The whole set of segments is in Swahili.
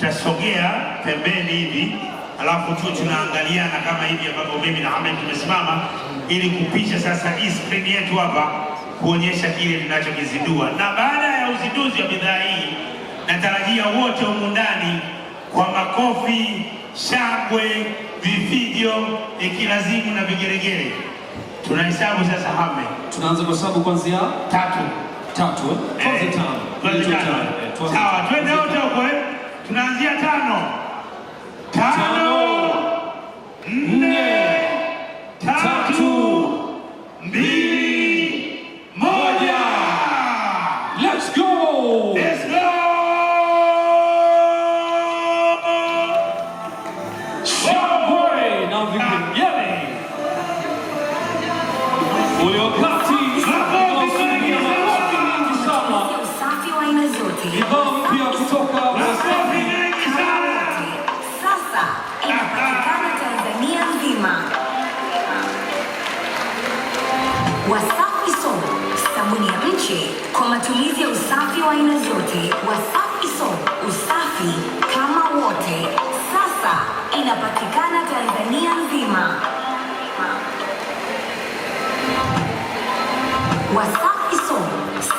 tutasogea pembeni hivi, alafu tu tunaangaliana kama hivi ambavyo mimi na Ahmed tumesimama, ili kupisha sasa hii screen yetu hapa kuonyesha kile tunachokizindua. Na baada ya uzinduzi wa bidhaa hii, natarajia wote humu ndani kwa makofi, shangwe, vifijo, ikilazimu na vigeregere. Tunahesabu sasa, Ahmed, tunaanza kuhesabu kuanzia tatu tatu, eh? Eh? Eh, tuanze tano, sawa, twende wote huko tunaanzia tano tano lishe kwa matumizi ya usafi wa aina zote wa Safi Soap. Usafi kama wote sasa inapatikana Tanzania nzima. Wa Safi Soap,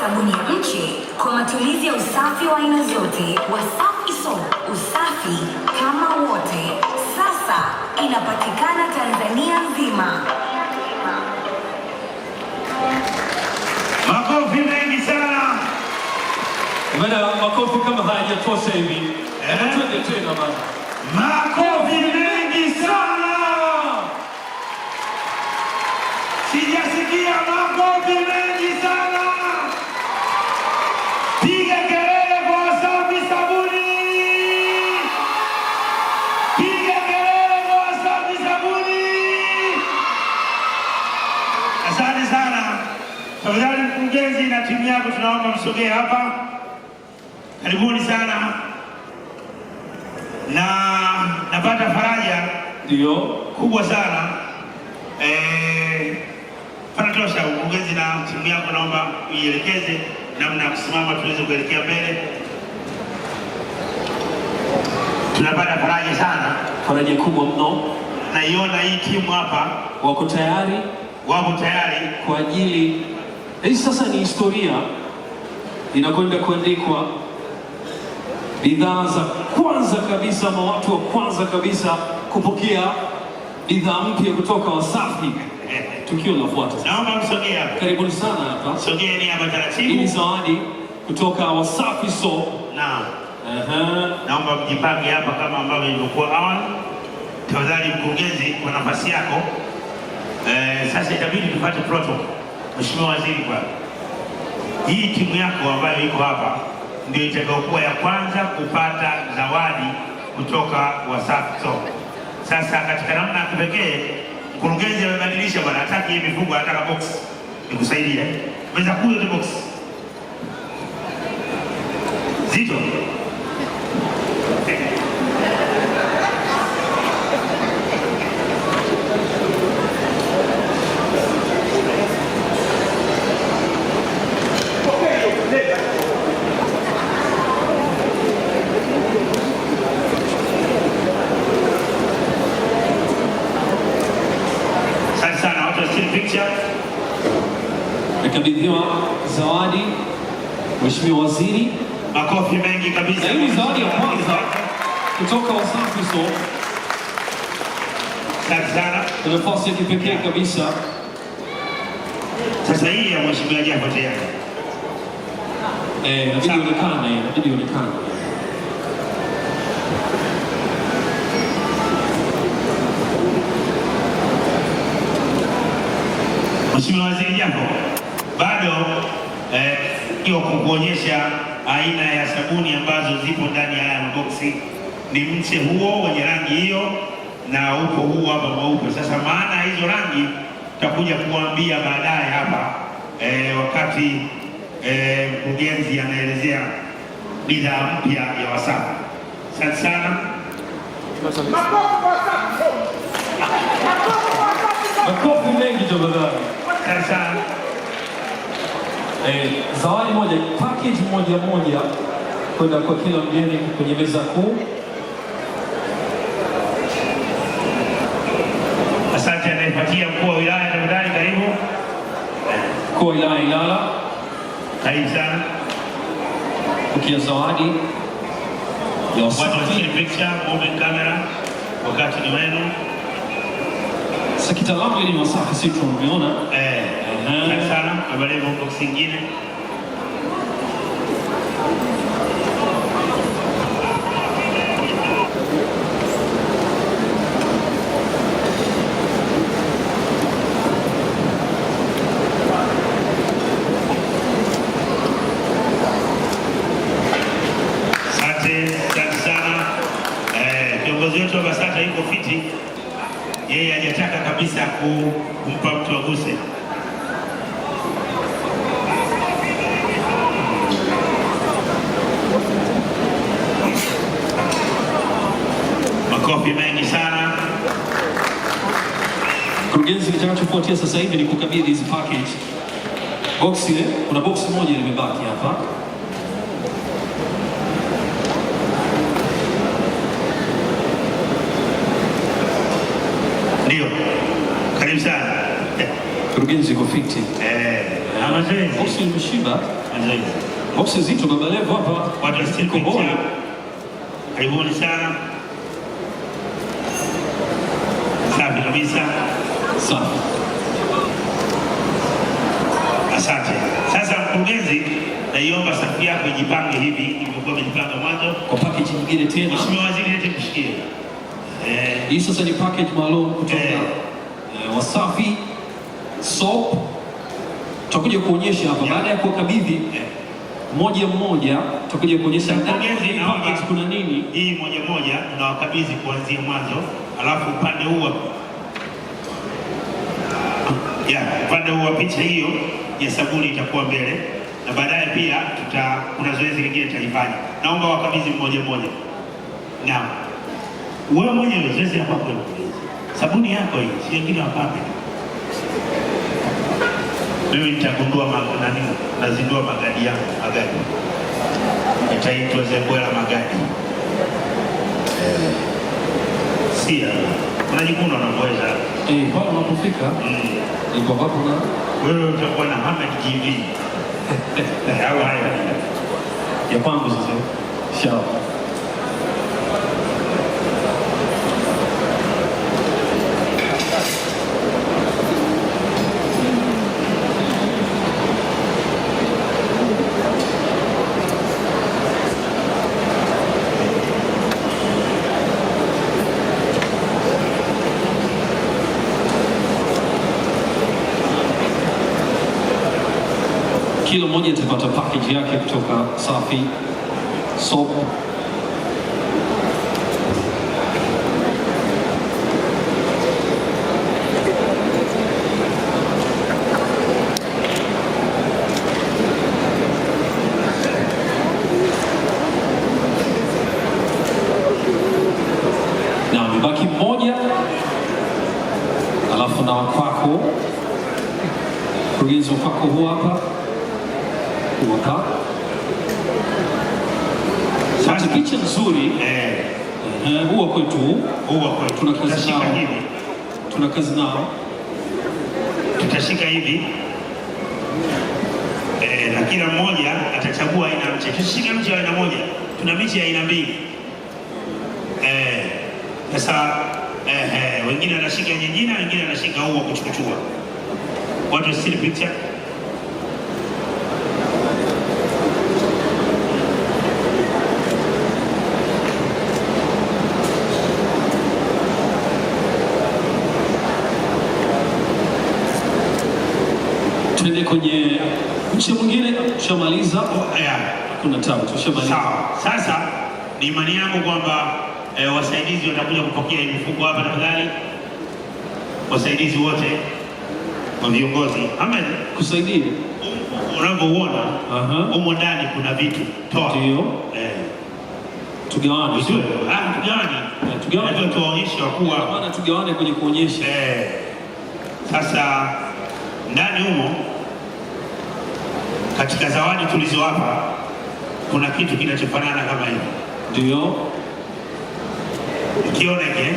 sabuni ya mche kwa matumizi ya usafi wa aina zote. wa Safi Soap, usafi kama wote sasa inapatikana hajatosha hivi, eh? twende tena bana, makofi mengi sana, sijasikia makofi mengi sana. Piga kelele kwa Wasafi Sabuni, piga kelele kwa Wasafi Sabuni. Asante sana tafadhali, mkurugenzi na timu yako, tunaomba msogee hapa. Karibuni sana na napata faraja ndio kubwa sana eh, panatosha. Mkurugenzi na timu yako, naomba uielekeze namna ya kusimama tuweze kuelekea mbele. Tunapata faraja sana, faraja kubwa mno. Naiona hii timu hapa wako tayari, wako tayari kwa ajili hii. Sasa ni historia inakwenda kuandikwa bidhaa za kwanza kabisa ama watu wa kwanza kabisa kupokea bidhaa mpya kutoka Wasafi. Tukio linafuata. Naomba msogee hapa. Karibuni sana hapa. Sogeeni hapa taratibu. Hii zawadi kutoka Wasafi so. Naomba mjipange hapa kama ambavyo ilivyokuwa awali. Tafadhali mkurugenzi, kwa nafasi yako. Eh, sasa itabidi tupate protocol. Mheshimiwa Waziri, kwa hii timu yako ambayo iko hapa ndio itakayokuwa ya kwanza kupata zawadi kutoka Wasafi Soko. Sasa katika namna ya kipekee mkurugenzi amebadilisha bwana, hataki hii mifugo, anataka box. Nikusaidia weza kuja box zito Nikabidhiwa zawadi Mheshimiwa Waziri, makofi mengi kabisa. Hii ni zawadi ya kwanza kutoka Wasafi Soap. Asante kwa nafasi ya kipekee kabisa. Sasa hii ya Mheshimiwa Jafar Tayari, eh, inabidi ionekane, inabidi ionekane Mheshimiwa Waziri, jambo bado hiyo eh, kukuonyesha aina ya sabuni ambazo zipo ndani ya unboxi Ni mche huo wenye rangi hiyo na huko huu hapa mweupe. Sasa maana hizo rangi tutakuja kuambia baadaye hapa eh, wakati eh, mkurugenzi anaelezea bidhaa mpya ya Wasafi. Asante sana. Makofi mengi tafadhali eh, zawadi moja, package moja moja kwenda kwa kila mgeni kwenye meza kuu. Asante. Anayepatia mkuu wa wilaya Ramadhani, karibu mkuu wa wilaya Ilala, karibu sana ukia zawadi ya Picha muombe kamera, wakati ni wenu. Sakitalamu ili wasafi, si tumeona eh Asante sana, habari ya box nyingine. Eh, kiongozi wetu wa BASATA yuko fiti, yeye hajataka kabisa kumpa mtu aguse makofi mengi sana. Mkurugenzi, kinachofuatia sasa hivi ni kukabidhi hizi package. Box ile, kuna box moja limebaki hapa. Ndio. Karibu sana. Mkurugenzi uko fit. Eh. Box imeshiba. Box zito Baba Levo hapa. Watu wasikomboa. Karibuni sana. kabisa so. Asante. Sasa mkurugenzi, naiomba safu yako ijipange hivi ilivyokuwa imejipanga mwanzo, kwa package nyingine tena. Mheshimiwa Waziri, lete kushikia. Eh, hii sasa ni package maalum kutoka eh, eh Wasafi soap tutakuja kuonyesha hapa yeah. baada ya kuwakabidhi yeah. Moja mmoja tutakuja kuonyesha kuna nini hii moja moja, tunawakabidhi kuanzia mwanzo, alafu upande huu ya upande huu wa picha hiyo ya sabuni itakuwa mbele, na baadaye pia tuta kuna zoezi lingine tutalifanya. Naomba wakabidhi mmoja mmoja. Naam, wewe mwenyewe zoezi ya kwako, sabuni yako hii, si wengine wapape. Mimi nitagundua nani, nazindua magadi yangu, magadi itaitwa Zembwela magadi eh kusikia unajikuna unapoweza eh, pale unapofika mm. iko hapo, na wewe utakuwa na Ahmed TV au haya ya kwangu sasa, inshallah. kilo moja itapata package yake kutoka Safi Soap baki mmoja, alafu na wakwako, mkurugenzi wakwako huwa hapa kuoka. Sasa picha nzuri eh. eh, huwa kwetu huwa kwetu, tuna kazi nao tuna kazi nao, tutashika hivi eh, na kila mmoja atachagua aina mche. Tushika mche aina moja, tuna miche ya aina mbili eh, Sasa eh, eh, wengine anashika nyingine, wengine anashika huo kuchukuchua. Watu still picture tuende kwenye mche mwingine, tushamaliza. Oh, kuna tabu, tushamaliza. sawa Sasa ni imani yangu kwamba e, wasaidizi watakuja kupokea mifuko hapa, tafadhali wasaidizi wote wa viongozi Ahmed, kusaidie unavyouona humo ndani kuna vitu toa, ndio eh, tugawane, ah, tugawane, eh, tugawane kwenye kuonyesha eh. Sasa ndani humo, katika zawadi tulizowapa kuna kitu kinachofanana kama hivi, ndio kioneke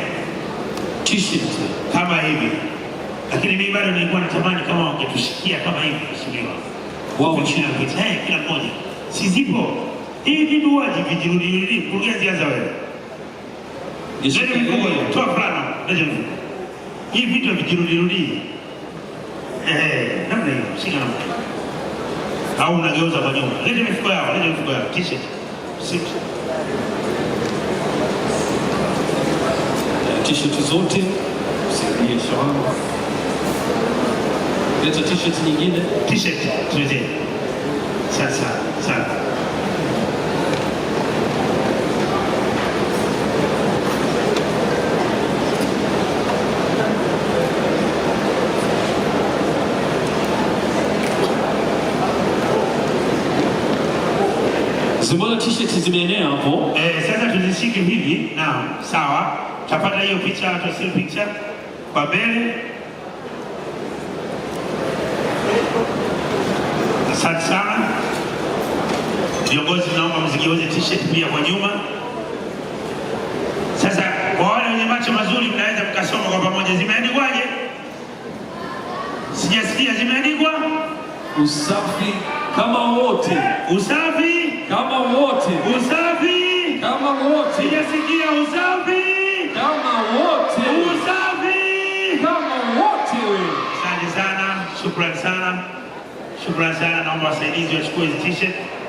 t-shirt kama hivi, lakini mimi bado nilikuwa natamani kama wangetushikia kama hivi, kusimiwa wao chini ya kitu hey, kila mmoja, si zipo hii bibi waji vijirudi hivi, mkurugenzi ziaza wewe, ndio mkubwa toa fulana ndio hii vitu vijirudi rudi namna hiyo sina namna au unageuza kwa nyuma, lete mifuko yao, lete mifuko yao, t eh, t-shirt zote, usilie shawama, leta t-shirt nyingine, t-shirt tulete sasa sana Zimeona t-shirt zimeenea hapo. Eh, sasa tuzishike hivi. Naam, sawa. Tapata hiyo picha au sio picha? Kwa mbele. Asante sana. Viongozi, naomba mzigeuze t-shirt pia kwa nyuma. Sasa kwa wale wenye macho mazuri mnaweza mkasoma kwa pamoja zimeandikwaje? Sijasikia zimeandikwa? Usafi kama wote. Usafi kama wote usafi, kama wote sijasikia usafi, kama wote usafi, kama wote. Asante sana, shukrani sana, shukrani sana. Naomba wasaidizi wachukue t-shirt.